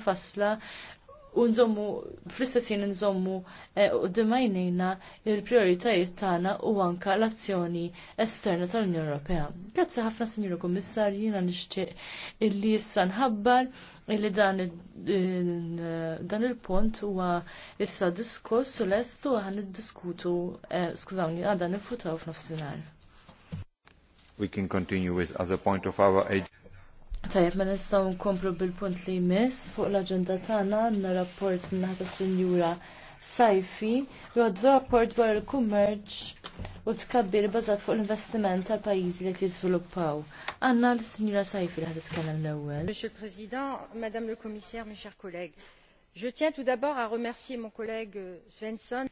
fasla u nżommu, fl-istessin nżommu eh, u d dimajnina il-prioritajiet tagħna u anka l-azzjoni esterna tal-Unjoni Ewropea. Grazzi ħafna, Sinjura Kummissar, jiena nixtieq illi issa nħabbar illi dan il-punt huwa issa diskuss u lest u għan diskutu eh, skużawni, għadan nifutaw f'nofsinhar. We can continue with other point of our age. Tajab, ma nistaw nkomplu bil-punt li jmiss fuq l-agenda tagħna għandna rapport minn ta' Sinjura Sajfi li rapport dwar il-kummerċ u tkabbir bażat fuq l-investiment tal-pajjiżi li jiżviluppaw. Għandna l-Sinjura Sajfi li ħad titkellem l-ewwel. Monsieur le Président, Madame le Commissaire, mes chers collègues, je tiens tout d'abord à remercier mon collègue euh, Svensson.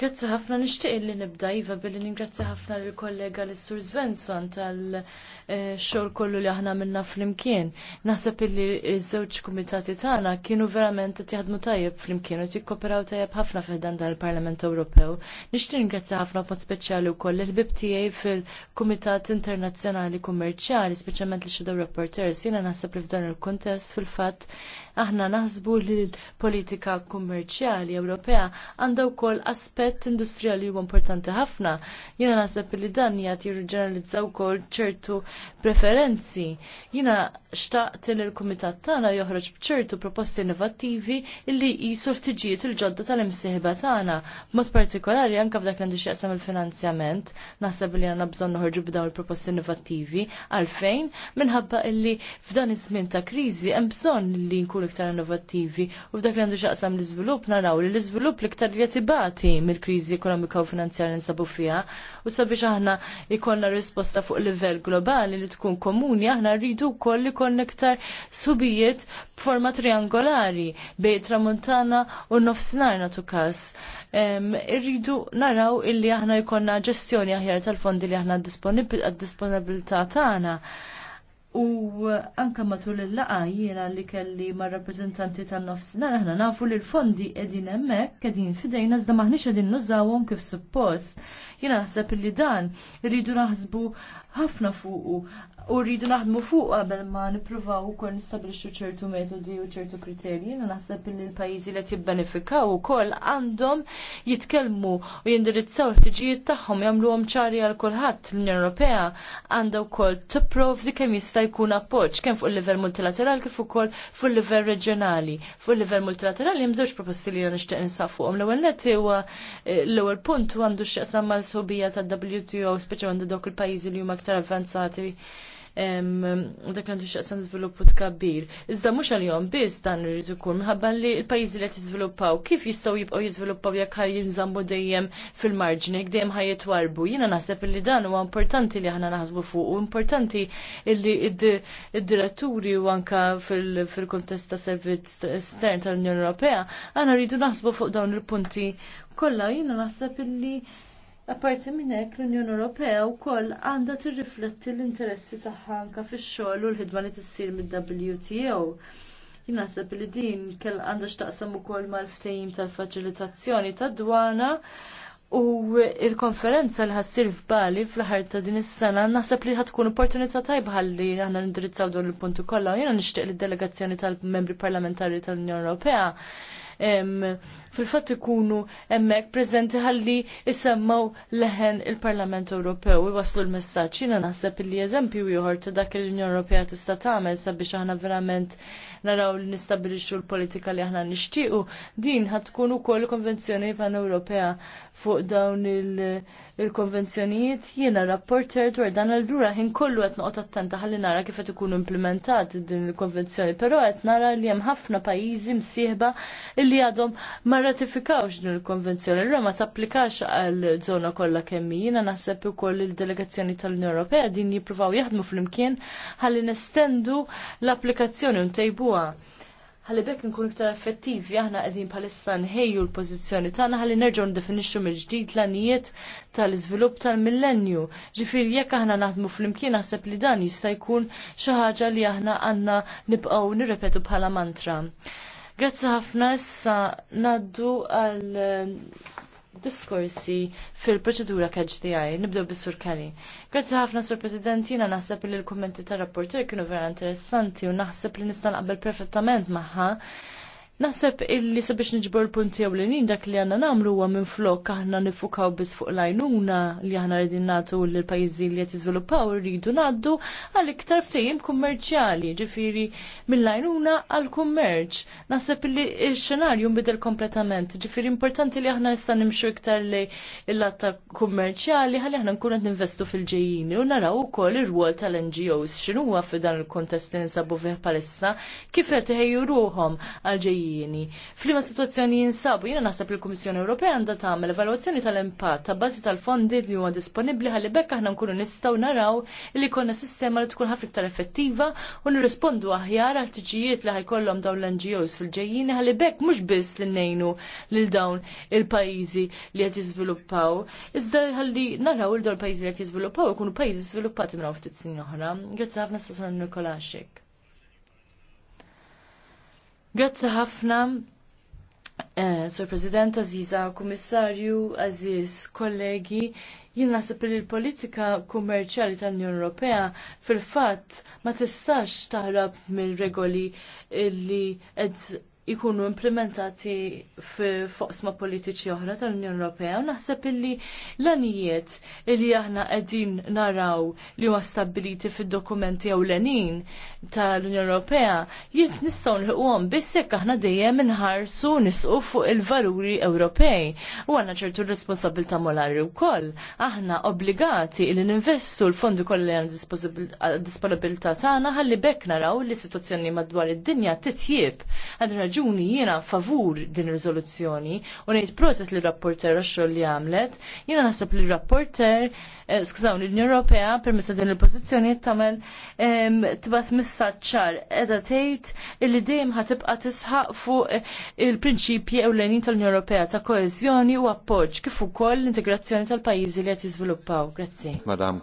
Grazzi ħafna nixtieq li nibda iva billi ningrazzja ħafna lill kollega l sur Svensson tal-xogħol kollu li aħna minna flimkien. Naħseb illi ż-żewġ kumitati tagħna kienu verament qed jaħdmu tajjeb flimkien u tikkoperaw tajjeb ħafna dan tal-Parlament Ewropew. Nixtieq ningrazzja ħafna b'mod speċjali wkoll il bib tiegħi fil-Kumitat Internazzjonali Kummerċjali, speċjalment li shadow reporters. Jiena naħseb li f'dan il-kuntest fil-fatt Aħna naħsbu li l-politika kummerċjali Ewropea għandha wkoll aspett industrijali huwa importanti ħafna. Jiena naħseb li dan jagħti jirġeneralizza wkoll ċertu preferenzi. Jiena xtaqt li l-kumitat tagħna joħroġ b'ċertu proposti innovattivi li jisu ftiġijiet il-ġodda tal-imsieħba tagħna. Mod partikolari anke f'dak li għandu x'jaqsam il-finanzjament, naħseb li għandna bżonn noħorġu b'dawn il-proposti innovattivi għalfejn minħabba illi f'dan iż-żmien ta' kriżi hemm bżonn li nkun l-iktar innovattivi u f'dak li għandu xaqsam l-iżvilupp naraw li l-iżvilupp l-iktar li jatibati mill-kriżi ekonomika u finanzjarja nsabu fiha u sabiex aħna ikollna risposta fuq livell globali li tkun komuni aħna rridu wkoll li konna iktar subijiet b'forma triangolari bej tramuntana u nofsinar natu kas. Irridu naraw illi aħna jkollna ġestjoni aħjar tal-fondi li aħna għad-disponibilità tagħna. U anka matul il-laqa jiena li kelli ma' rappresentanti tan-nofsinhar aħna nafu li l-fondi qegħdin hemmhekk qegħdin fidejna iżda maħniex edin nużawhom kif suppost. Jiena naħseb li dan irridu naħsbu ħafna fuqu U rridu naħdmu fuq qabel ma nippruvaw ukoll nistabilixxu ċertu metodi u ċertu kriterji, na naħseb li l-pajjiżi li qed jibbenefikaw ukoll għandhom jitkellmu u jindirizzaw l-ħtiġijiet tagħhom jagħmluhom ċari għal kulħadd. L-Unjoni Ewropea għandha wkoll tipprovdi kemm jista' jkun appoġġ kemm fuq il-livell multilaterali kif ukoll fuq il-livell reġjonali. Fuq il-livell multilaterali hemm żewġ proposti li nixtieq nisaf fuqhom. L-ewwel nett huwa eh, l-ewwel punt għandu x'jaqsam mal-sobija tad-WTO speċjalment dawk il-pajjiżi li huma aktar avvanzati dak li għandu xaqsam żviluppu tkabbir. Iżda mhux għal-jom biss dan irid ikun li l-pajjiżi li qed kif jistgħu jibqgħu jiżviluppaw jekk għal jinżambu dejjem fil-marġni, jekk għaj jitwarbu. Jiena naħseb li dan huwa importanti li aħna naħsbu fuq u importanti li id-diretturi u anka fil-kontest ta' servizz estern tal-Unjoni Ewropea għana rridu naħsbu fuq dawn il-punti kollha jiena naħseb illi Apparti minn hekk l-Unjoni Ewropea wkoll għandha tirrifletti l-interessi tagħha anke fix-xogħol u l-ħidma li tissir mid-WTO. Jien naħseb li din kell għandha x'taqsam ukoll mal-ftehim tal-faċilitazzjoni tad-dwana U il-konferenza li ħassir f'Bali fl-ħar ta' din is-sena naħseb li ħatkun opportunità tajba ħalli aħna nindirizzaw dawn il-punti kollha u jiena nixtieq lid delegazzjoni tal-membri parlamentari tal-Unjoni Ewropea fil-fatt ikunu hemmhekk prezenti ħalli isemmaw leħen il-Parlament Ewropew iwaslu l-messaġġ. Jiena naħseb li eżempju ieħor ta' dak l-Unjoni Ewropea tista' tagħmel sabiex aħna verament naraw li nistabilixxu l-politika li aħna nixtiequ, din tkun ukoll konvenzjoni pan-Ewropea fuq dawn il- il-konvenzjonijiet jiena rapporter dwar dan lura. ħin kollu qed noqgħod attenta ħalli nara kif qed ikunu implementat din il-konvenzjoni, però qed nara li hemm ħafna pajjiżi msieħba li għadhom ma ratifikawx din il-konvenzjoni, l-għom ma tapplikax għal żona kollha kemm jiena naħseb ukoll il-delegazzjoni tal-Unjoni Ewropea din jippruvaw jaħdmu flimkien ħalli nestendu l-applikazzjoni un-tejbuwa ħalli bekk nkun iktar effettivi aħna qegħdin bħalissa nħejju l-pożizzjoni tagħna ħalli nerġgħu ndefinixxu mill-ġdid l-anijiet tal-iżvilupp tal-millenju. Ġifieri jekk aħna naħdmu flimkien naħseb li dan jista' jkun xi ħaġa li aħna għandna nibqgħu nirrepetu bħala mantra. Grazzi ħafna issa ngħaddu għal diskorsi fil-proċedura KHDI. Nibdew bis-Sur Kelly. Grazzi ħafna Sur President, jiena naħseb li l-kummenti tar-rapporter kienu vera interessanti u naħseb li nista' naqbel perfettament magħha Naħseb illi sabiex nġbor punti għaw l dak li għanna namlu għu minn flok aħna nifukaw bis fuq lajnuna li aħna rridin natu l-pajizi li għet jizviluppaw rridu naddu għal iktar ftejim kummerċjali, ġifiri minn lajnuna għal kummerċ. Naħseb illi il-xenarju mbidel kompletament, ġifiri importanti li aħna jistan nimxu iktar li il-latta kummerċjali għal aħna nkun qed ninvestu fil-ġejjini u naraw ukoll ir-rwol tal-NGOs x'inhuwa f'dan il-kontest li fiħ fih palissa kif qed iħejju ruhom għal ġejjini fil-ġejjieni. Flima situazzjoni jinsabu, jiena naħseb li l-Kummissjoni Ewropea għandha tagħmel evalwazzjoni tal-impatt ta' bażi tal-fondi li huwa disponibbli ħalli bekk aħna nkunu nistgħu naraw li jkollna sistema li tkun ħafna iktar effettiva u nirrispondu aħjar għal tiġijiet li ħajkollhom dawn l-NGOs fil ġejjini ħalli bekk mhux biss li ngħinu lil dawn il-pajjiżi li qed jiżviluppaw. Iżda ħalli naraw il dawn il-pajjiżi li qed jiżviluppaw ikunu pajjiżi żviluppati minn ftit snin oħra. Grazzi ħafna Sassor Nikolaxik. Grazzi ħafna, eh, Sur President Aziza, Kummissarju, Aziz, kollegi, jien naħseb li l-politika kummerċjali tal-Unjoni Ewropea fil-fatt ma tistax taħrab mill-regoli li ed ikunu implementati f'foqsma politiċi oħra tal-Unjoni Ewropea u naħseb illi l-anijiet illi aħna qegħdin naraw li huwa stabiliti fid-dokumenti jew l tal-Unjoni Ewropea jiet nistgħu nilħuhom biss jekk aħna dejjem inħarsu nisqu fuq il-valuri Ewropej u għandna ċertu responsabilità molari wkoll. Aħna obbligati li ninvestu l-fondi kollha li għandna disponibilità tagħna ħalli bekk naraw li situazzjoni madwar id-dinja titjib raġuni jiena favur din riżoluzzjoni u ngħid proset li rapporter għax-xogħol li għamlet, jiena naħseb li rapporter eh, skużaw l-Unjoni Ewropea permezz din il pozizjoni tagħmel ehm, tibat missaċċar edha tejt tgħid illi dejjem ħatibqa' tisħaq fuq eh, il-prinċipji ewlenin tal-Unjoni Ewropea ta' koezjoni u appoġġ kif ukoll l-integrazzjoni tal-pajjiżi li qed jiżviluppaw. Grazzi. Madam,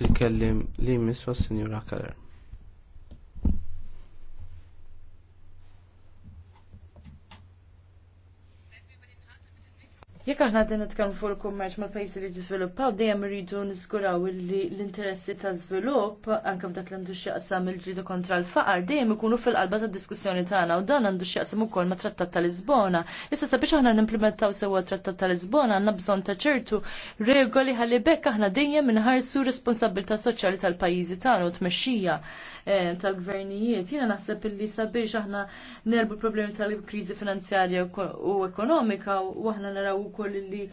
il-kellim li miss Signora Keller. Jekk aħna qed nitkellmu fuq il-kummerċ mal-pajjiżi li tiżviluppaw dejjem irridu niskuraw li l-interessi ta' żvilupp anke f'dak li għandu x'jaqsam il-ġridu kontra l-faqar dejjem ikunu fil-qalba tad-diskussjoni tagħna u dan għandu x'jaqsam ukoll ma' Trattat ta' Lisbona. Issa sabiex aħna nimplementaw sewwa Trattat ta' Lisbona għandna bżonn ta' ċertu regoli ħalli bekk aħna dejjem inħarsu responsabilità soċjali tal-pajjiżi tagħna u tmexxija eh, tal-gvernijiet. Jiena naħseb illi sabiex aħna nerbu problemi tal-kriżi finanzjarja u ekonomika u aħna naraw koll li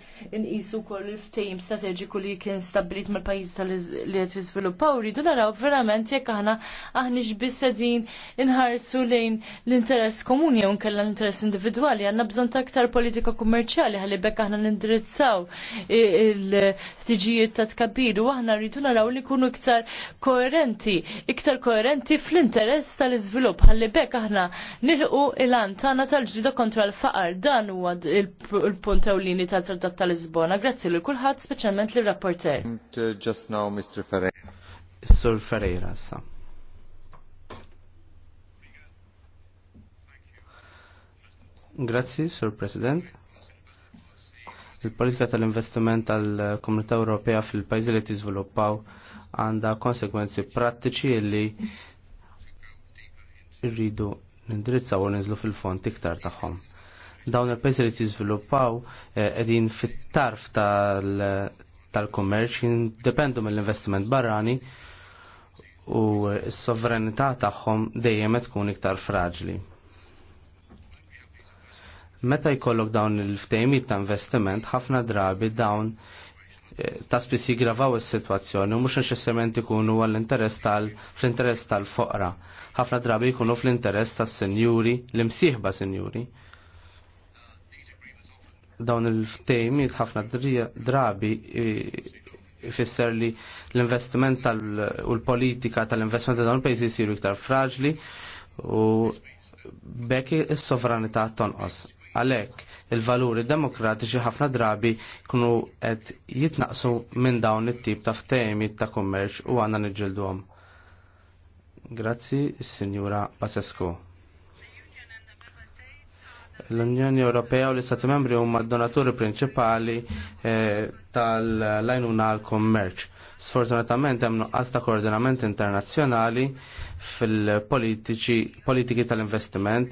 nqisu wkoll il-ftehim strateġiku li kien stabbilit mal-pajjiż li qed jiżviluppaw rridu naraw verament jekk aħna aħniex biss qegħdin inħarsu lejn l-interess komuni jew nkella l-interess individwali għandna bżonn ta' aktar politika kummerċjali ħalli bekk aħna nindirizzaw il ftiġijiet ta' tkabbir u aħna rridu naraw li jkunu iktar koerenti, iktar koerenti fl-interess tal-iżvilupp ħalli bekk aħna nilqu il-antana tal-ġdida kontra l-faqar dan huwa il-punt ewlieni tal-Trattat tal-Lisbona. Grazzi lil kulħadd, speċjalment lir rapporter uh, Just now, Mr. Ferreira. Sur Ferreira, sa. Grazzi, Sur President. Il-politika tal-investiment tal-Komunità Ewropea fil-pajjiżi li tiżviluppaw għandha konsekwenzi prattiċi li rridu nindrizzaw u ninżlu fil-fond iktar tagħhom dawn il-pajzi li tiżviluppaw eh, qegħdin fit-tarf tal-kummerċ jindependu mill-investiment barrani u s-sovranità tagħhom dejjem qed tkun iktar fraġli. Meta jkollok dawn il-ftejmiet ta' investiment, ħafna drabi dawn eh, ta' spissi gravaw is-sitwazzjoni u mhux neċessament ikunu għall-interess tal fl-interess tal-foqra. Ħafna drabi jkunu fl-interess tas-senjuri, l-imsieħba senjuri dawn il-ftejm ħafna drabi ifisser li l-investiment u l-politika tal-investiment ta' dawn il-pajzi jisiru iktar fraġli u bekk is-sovranità tonqos. Għalhekk il-valuri demokratiċi ħafna drabi kunu qed jitnaqsu minn dawn it-tip ta' ftehim ta' kummerċ u għandna niġġilduhom. Grazzi, Signora Basescu. L-Unjoni Ewropea u l-Istati Membri huma donaturi prinċipali eh, tal-lajnuna għal-kommerċ. Sfortunatament hemm nuqqas ta' koordinament internazzjonali fil-politiki tal-investiment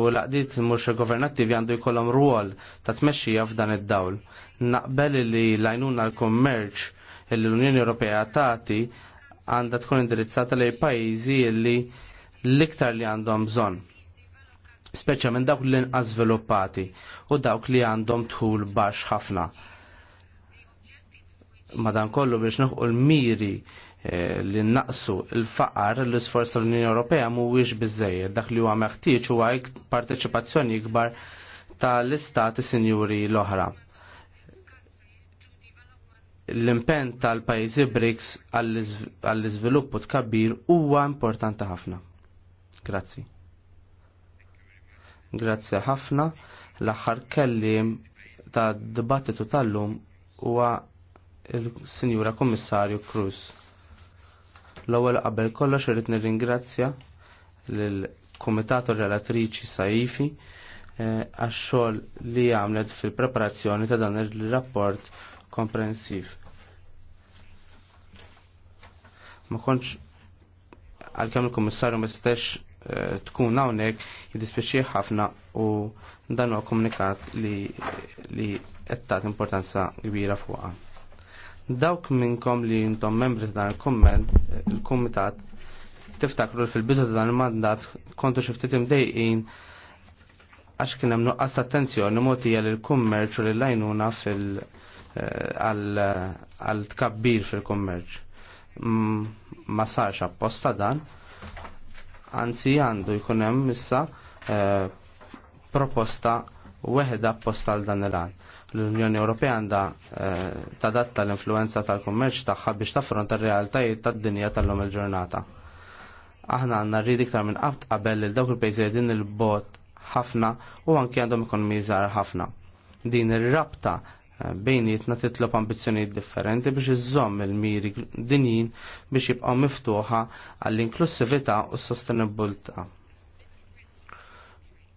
u l-qdiet mhux governattivi għandu jkollhom rwol ta' tmexxija f'dan id-dawl. Naqbel li lajnuna l-kommerċ li l-Unjoni Ewropea tagħti għandha tkun indirizzata lejn pajjiżi li l-iktar li għandhom bżonn speċa minn dawk li inqas sviluppati u dawk li għandhom tħul baxx ħafna. Madankollu biex nħuq l-miri eh, li naqsu l-faqar l-isforz tal-Unjoni Ewropea mhuwiex biżejjed dak li huwa meħtieġ huwa parteċipazzjoni ikbar tal-istati sinjuri l-oħra. L-impenn tal-pajjiżi BRICS għall-iżviluppu tkabbir huwa importanti ħafna. Grazzi. Grazzi ħafna. L-aħħar kellim ta' dibattitu tal-lum huwa il-Sinjura Kommissarju Cruz. L-ewwel qabel kollox irid nirringrazzja lil kumitatu relatriċi Saifi eh, għax-xogħol li għamlet fil-preparazzjoni ta' dan ir rapport komprensiv. Ma kontx għalkemm il-Kummissarju ma setax Eh, tkun hawnhekk jiddispjaċi ħafna u dan huwa komunikat li li qed tagħti importanza kbira fuqha. Dawk minnkom li intom membri ta' dan il-komment, eh, il-kumitat tiftakru fil-bidu ta' dan il-mandat kontu xi ftit imdejqin għax kien hemm nuqqas ta' attenzjoni mogħtija lil kummerċ u lil lajnuna fil eh, għal tkabbir fil-kummerċ. Ma sarx apposta dan, anzi għandu jkun hemm issa eh, proposta weħda apposta għal dan il-għan. L-Unjoni Ewropea għandha eh, tadatta l-influenza tal-kummerċ tagħha biex taffronta r-realtajiet tad-dinja tal-lum il-ġurnata. Aħna għandna rridi iktar minn qabt qabel li dawk il-pejżi din il-bot ħafna u anke għandhom ikun miżar ħafna. Din ir-rabta bejnietna titlob ambizzjonijiet differenti biex iżomm il-miri dinjin biex jibqa' miftuħa għall-inklusività u s-sostenibilità.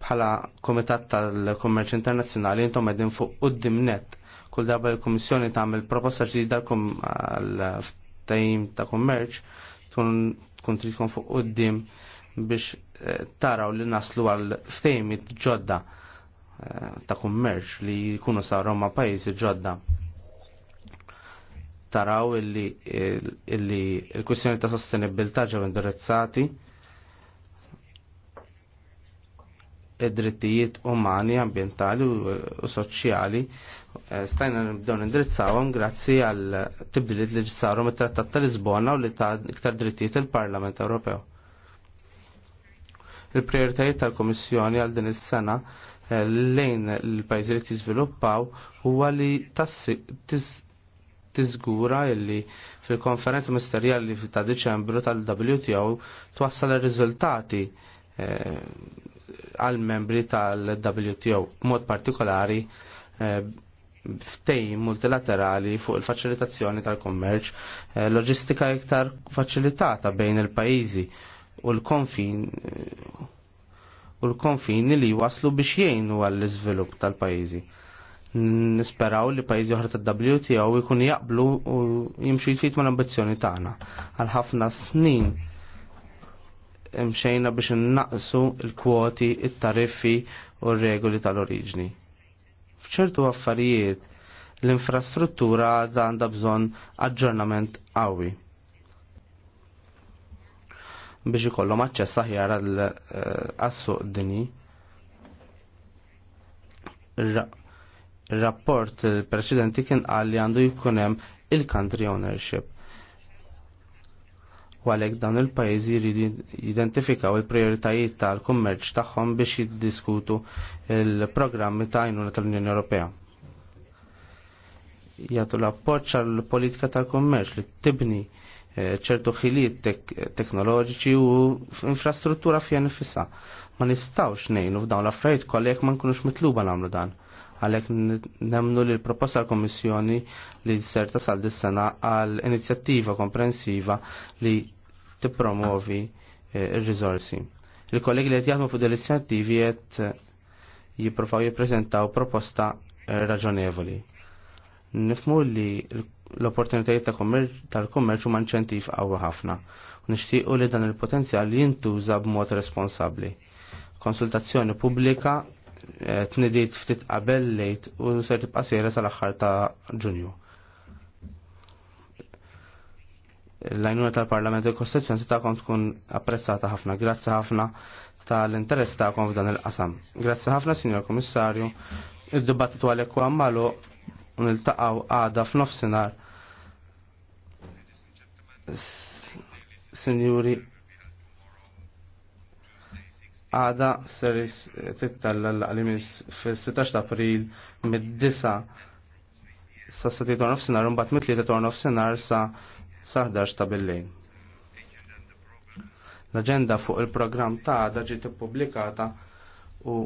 Bħala Komitat tal-Kummerċ Internazzjonali intom qegħdin fuq qudiem net kull darba l-Kummissjoni tagħmel proposta ġdida għal-tajim ta' kummerċ tkun tridkom fuq qudiem biex eh, taraw li naslu għal ftejmit ġodda ta' kummerċ li jkunu saru ma' pajjiżi ġodda. Taraw illi il-kwistjoni ta' sostenibilità ġew indirizzati id-drittijiet umani, ambientali u soċjali eh, stajna nibdew indirizzawhom grazzi għal tibdiliet li saru mit-Trattat ta' Lisbona u li ta' iktar drittijiet il-Parlament Ewropew. Il-prijoritajiet tal-Komissjoni għal din is-sena Eh, lejn l-pajzi li tiżviluppaw huwa li tiżgura illi fil-konferenza ministerjali ta' Deċembru tal-WTO twassal ir-riżultati eh, għal-membri tal-WTO, mod partikolari eh, ftejn multilaterali fuq il-faċilitazzjoni tal-kommerċ, loġistika iktar faċilitata bejn il-pajizi u l-konfin u l-konfini li waslu biex jgħinu għall-iżvilupp tal-pajjiżi. Nisperaw li pajjiżi oħra tad-WTO jkun jaqblu u jimxu jfid mal ambizzjoni tagħna. Għal ħafna snin imxejna biex innaqsu l-kwoti, it-tariffi u r-regoli tal-oriġni. F'ċertu affarijiet l-infrastruttura għadha għandha bżonn aġġornament qawwi biex ikollhom aċċess aħjar eh, għas-suq dini. Ir-rapport preċedenti kien qal li għandu jkun hemm il-country ownership. U għalhekk dawn il-pajjiżi jridu jidentifikaw il-prijoritajiet tal-kummerċ tagħhom biex jiddiskutu il-programmi ta' għajnuna tal-Unjoni Ewropea. Jagħtu l-appoġġ għall-politika tal-kummerċ li tibni ċertu ħiliet teknoloġiċi u infrastruttura fija nifissa. Ma nistawx nejnu f'dawn l-affarijiet kollha jekk ma nkunux mitluba nagħmlu dan. Għalhekk nemnu li l-proposta tal komissjoni li ser tasal dis-sena għal inizjattiva komprensiva li tippromovi eh, il rizorsi Il-kollegi li qed jaħdmu fuq dell-inizjattivi qed eh, jiprofaw jippreżentaw proposta eh, raġonevoli. Nifmu li l l-opportunitajiet tal kummerċu ma' inċentiv qawwi ħafna u nixtiequ li dan il-potenzjal jintuża b'mod responsabbli. Konsultazzjoni pubblika eh, tnidiet ftit qabel lejt u ser tibqa' sejra sal-aħħar ta' Ġunju. L-għajnuna tal-Parlament il-Kostituzzjoni tagħkom tkun apprezzata ħafna. Grazzi ħafna tal-interess tagħkom f'dan il-qasam. Grazzi ħafna, Sinjor Komissarju. Id-dibattitu għalek u għammalu un-iltaqaw għada f'nofsinhar Sinjuri, għada ser tittalla l-għalimis fil-16 april mid-9 sa' s-sati 7 tornof sinar un bat mit-3 tornof sinar sa' 11 ta' billejn. L-agenda fuq il-program ta' għada ġiet publikata u